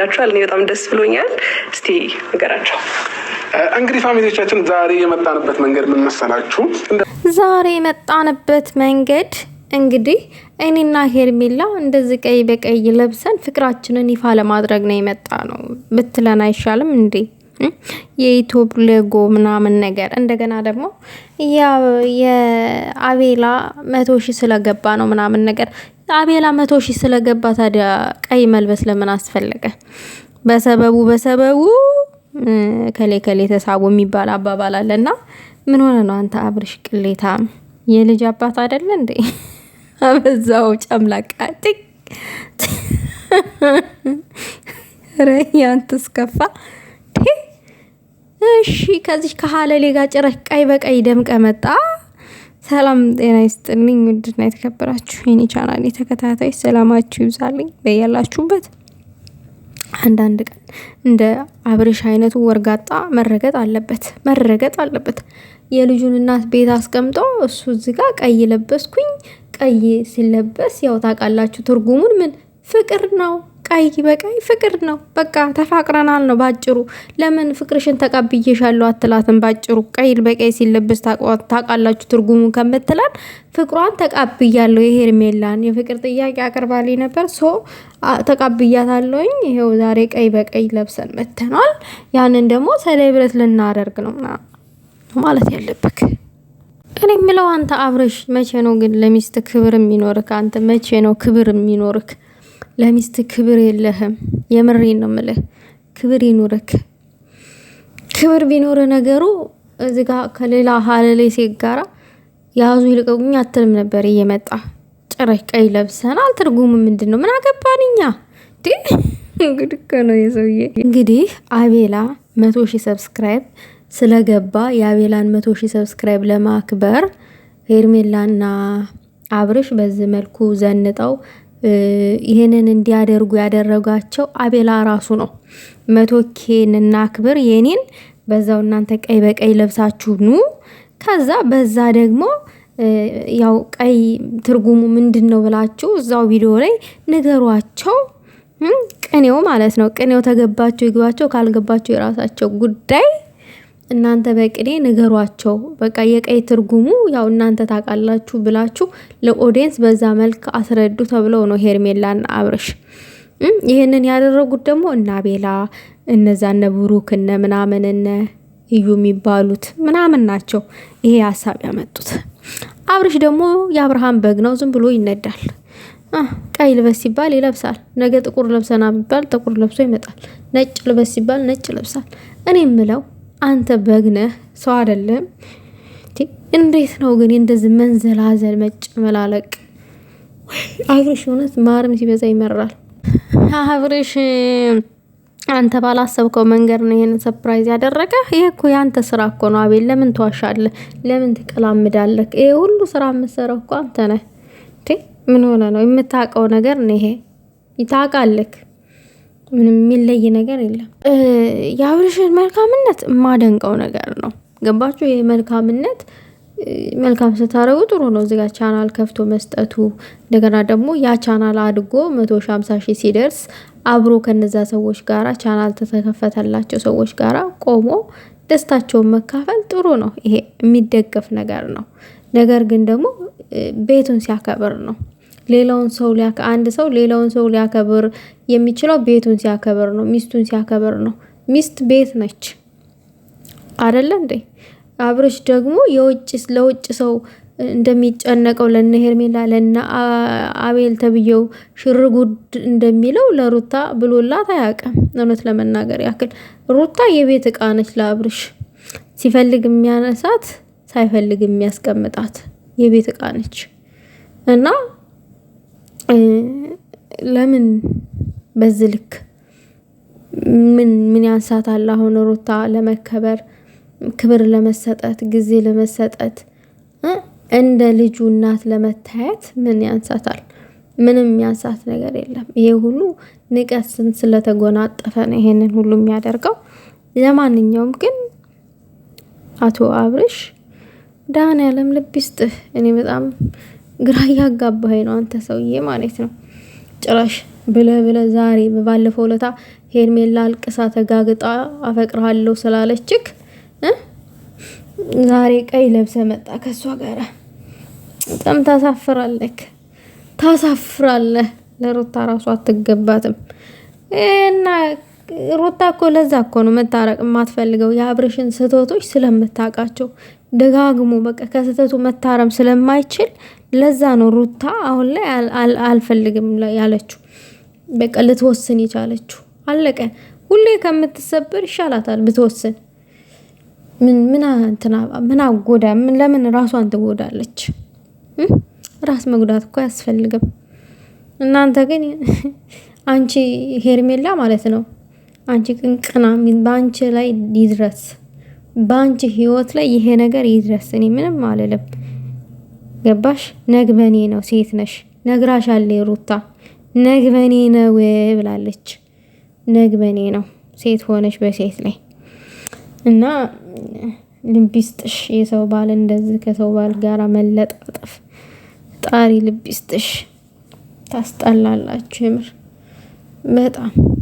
ዳቸዋል እኔ በጣም ደስ ብሎኛል። እስቲ ነገራቸው እንግዲህ ፋሚሊዎቻችን። ዛሬ የመጣንበት መንገድ ምን መሰላችሁ? ዛሬ የመጣንበት መንገድ እንግዲህ እኔና ሄርሜላ እንደዚህ ቀይ በቀይ ለብሰን ፍቅራችንን ይፋ ለማድረግ ነው የመጣ ነው ብትለን አይሻልም እንዴ? የኢትዮብ ሌጎ ምናምን ነገር እንደገና ደግሞ የአቤላ መቶ ሺህ ስለገባ ነው ምናምን ነገር አቤላ መቶ ሺህ ስለገባ ታዲያ ቀይ መልበስ ለምን አስፈለገ? በሰበቡ በሰበቡ ከሌ ከሌ ተሳቡ የሚባል አባባል አለና ምን ሆነ ነው አንተ አብርሽ ቅሌታ የልጅ አባት አይደለ እንዴ? አበዛው ጨምላቃ ጢቅ ያንተ ስከፋ። እሺ ከዚህ ከሀለሌ ጋር ጭረህ ቀይ በቀይ ደምቀ መጣ። ሰላም ጤና ይስጥልኝ። ውድና የተከበራችሁ የኔ ቻናል የተከታታይ ሰላማችሁ ይብዛልኝ በያላችሁበት። አንዳንድ ቀን እንደ አብርሽ አይነቱ ወርጋጣ መረገጥ አለበት መረገጥ አለበት። የልጁን እናት ቤት አስቀምጦ እሱ እዚህ ጋር ቀይ ለበስኩኝ። ቀይ ሲለበስ ያው ታውቃላችሁ ትርጉሙን ምን ፍቅር ነው ቀይ በቀይ ፍቅር ነው። በቃ ተፋቅረናል ነው ባጭሩ። ለምን ፍቅርሽን ተቀብዬሻለሁ አትላትም? ባጭሩ ቀይ በቀይ ሲለብስ ታውቃላችሁ ትርጉሙ ከምትላል ፍቅሯን ተቀብያለሁ። የሄርሜላን የፍቅር ጥያቄ አቅርባልኝ ነበር ሶ ተቀብያታለሁኝ። ይሄው ዛሬ ቀይ በቀይ ለብሰን መተናል። ያንን ደግሞ ሰሌብሬት ልናደርግ ነው ማለት ያለብክ እኔ የምለው አንተ አብረሽ መቼ ነው ግን ለሚስት ክብር የሚኖርክ? አንተ መቼ ነው ክብር የሚኖርክ? ለሚስት ክብር የለህም። የምሬን ነው ምልህ። ክብር ይኑርክ። ክብር ቢኖር ነገሩ እዚጋ ከሌላ ሀለሌ ሴት ጋራ ያዙ ይልቀቁኝ አትልም ነበር። እየመጣ ጭራሽ ቀይ ለብሰናል። ትርጉሙ ምንድን ነው? ምን አገባን እኛ? እንግዲህ እኮ ነው የሰውዬ እንግዲህ አቤላ መቶ ሺህ ሰብስክራይብ ስለገባ የአቤላን መቶ ሺህ ሰብስክራይብ ለማክበር ሄርሜላና አብርሽ በዚህ መልኩ ዘንጠው ይህንን እንዲያደርጉ ያደረጋቸው አቤላ ራሱ ነው። መቶ ኬን እና ክብር የኔን በዛው እናንተ ቀይ በቀይ ለብሳችሁ ኑ። ከዛ በዛ ደግሞ ያው ቀይ ትርጉሙ ምንድን ነው ብላችሁ እዛው ቪዲዮ ላይ ንገሯቸው። ቅኔው ማለት ነው። ቅኔው ተገባቸው ይግባቸው፣ ካልገባቸው የራሳቸው ጉዳይ እናንተ በቅኔ ንገሯቸው። በቃ የቀይ ትርጉሙ ያው እናንተ ታውቃላችሁ ብላችሁ ለኦዲየንስ በዛ መልክ አስረዱ ተብለው ነው ሄርሜላና አብርሽ ይህንን ያደረጉት ደግሞ እነ አቤላ እነዛ እነ ብሩክ እነ ምናምን እነ እዩ የሚባሉት ምናምን ናቸው ይሄ ሀሳብ ያመጡት። አብርሽ ደግሞ የአብርሃም በግ ነው፣ ዝም ብሎ ይነዳል። ቀይ ልበስ ሲባል ይለብሳል። ነገ ጥቁር ለብሰና ቢባል ጥቁር ለብሶ ይመጣል። ነጭ ልበስ ሲባል ነጭ ይለብሳል። እኔ ምለው አንተ በግነህ ሰው አይደለም። እንዴት ነው ግን እንደዚህ መንዘላዘል መጨመላለቅ? አብርሽ እውነት ማርም ሲበዛ ይመራል። አብርሽ አንተ ባላሰብከው መንገድ ነው ይሄንን ሰፕራይዝ ያደረገ። ይህ እኮ ያንተ ስራ እኮ ነው። አቤል ለምን ትዋሻለህ? ለምን ትቀላምዳለህ? ይሄ ሁሉ ስራ የምትሰራው እኮ አንተ ነህ። ምን ሆነ ነው የምታውቀው ነገር ነው ይሄ ይታወቃልክ። ምንም የሚለይ ነገር የለም። የአብርሽን መልካምነት የማደንቀው ነገር ነው። ገባችሁ? ይህ መልካምነት መልካም ስታረጉ ጥሩ ነው። እዚጋ ቻናል ከፍቶ መስጠቱ እንደገና ደግሞ ያ ቻናል አድጎ መቶ ሺህ ሺ ሲደርስ አብሮ ከነዛ ሰዎች ጋራ ቻናል ተተከፈተላቸው ሰዎች ጋራ ቆሞ ደስታቸውን መካፈል ጥሩ ነው። ይሄ የሚደገፍ ነገር ነው። ነገር ግን ደግሞ ቤቱን ሲያከብር ነው። ሌላውን ሰው ሊያከ አንድ ሰው ሌላውን ሰው ሊያከብር የሚችለው ቤቱን ሲያከብር ነው፣ ሚስቱን ሲያከብር ነው። ሚስት ቤት ነች አደለ እንዴ? አብርሽ ደግሞ የውጭ ለውጭ ሰው እንደሚጨነቀው ለነ ሄርሜላ ለነ አቤል ተብዬው ሽርጉድ እንደሚለው ለሩታ ብሎላት አያውቅም። እውነት ለመናገር ያክል ሩታ የቤት እቃ ነች ለአብርሽ። ሲፈልግ የሚያነሳት ሳይፈልግ የሚያስቀምጣት የቤት እቃ ነች እና ለምን በዚህ ልክ ምን ምን ያንሳታል? አሁን ሩታ ለመከበር ክብር ለመሰጠት ጊዜ ለመሰጠት እንደ ልጁ እናት ለመታየት ምን ያንሳታል? ምንም ያንሳት ነገር የለም። ይሄ ሁሉ ንቀት ስለተጎናጠፈ ነው ይሄንን ሁሉ የሚያደርገው። ለማንኛውም ግን አቶ አብርሽ ዳን ያለም ልብ ይስጥህ። እኔ በጣም ግራ እያጋባኸኝ ነው አንተ ሰውዬ ማለት ነው። ጭራሽ ብለ ብለ ዛሬ በባለፈው ለታ ሄርሜላ አልቅሳ ተጋግጣ አፈቅርሃለሁ ስላለችክ ዛሬ ቀይ ለብሰ መጣ ከእሷ ጋር። በጣም ታሳፍራለክ ታሳፍራለህ። ለሩታ ራሱ አትገባትም። እና ሩታ እኮ ለዛ እኮ ነው መታረቅ የማትፈልገው የአብርሽን ስህተቶች ስለምታውቃቸው ደጋግሞ በቃ ከስህተቱ መታረም ስለማይችል ለዛ ነው ሩታ አሁን ላይ አልፈልግም ያለችው። በቃ ልትወስን የቻለችው አለቀ። ሁሌ ከምትሰበር ይሻላታል ብትወስን። ምን አጎዳ? ለምን ራሷን ትጎዳለች? ራስ መጉዳት እኮ አያስፈልግም። እናንተ ግን አንቺ ሄርሜላ ማለት ነው አንቺ ቅንቅና በአንቺ ላይ ይድረስ። በአንቺ ህይወት ላይ ይሄ ነገር ይድረስ፣ እኔ ምንም አልልም። ገባሽ? ነግበኔ ነው ሴት ነሽ ነግራሻለሁ። ሩታ ነግበኔ ነው ብላለች። ነግበኔ ነው ሴት ሆነሽ በሴት ላይ እና ልቢስጥሽ የሰው ባል እንደዚህ ከሰው ባል ጋራ መለጣጠፍ ጣሪ ልቢስጥሽ ታስጠላላችሁ የምር በጣም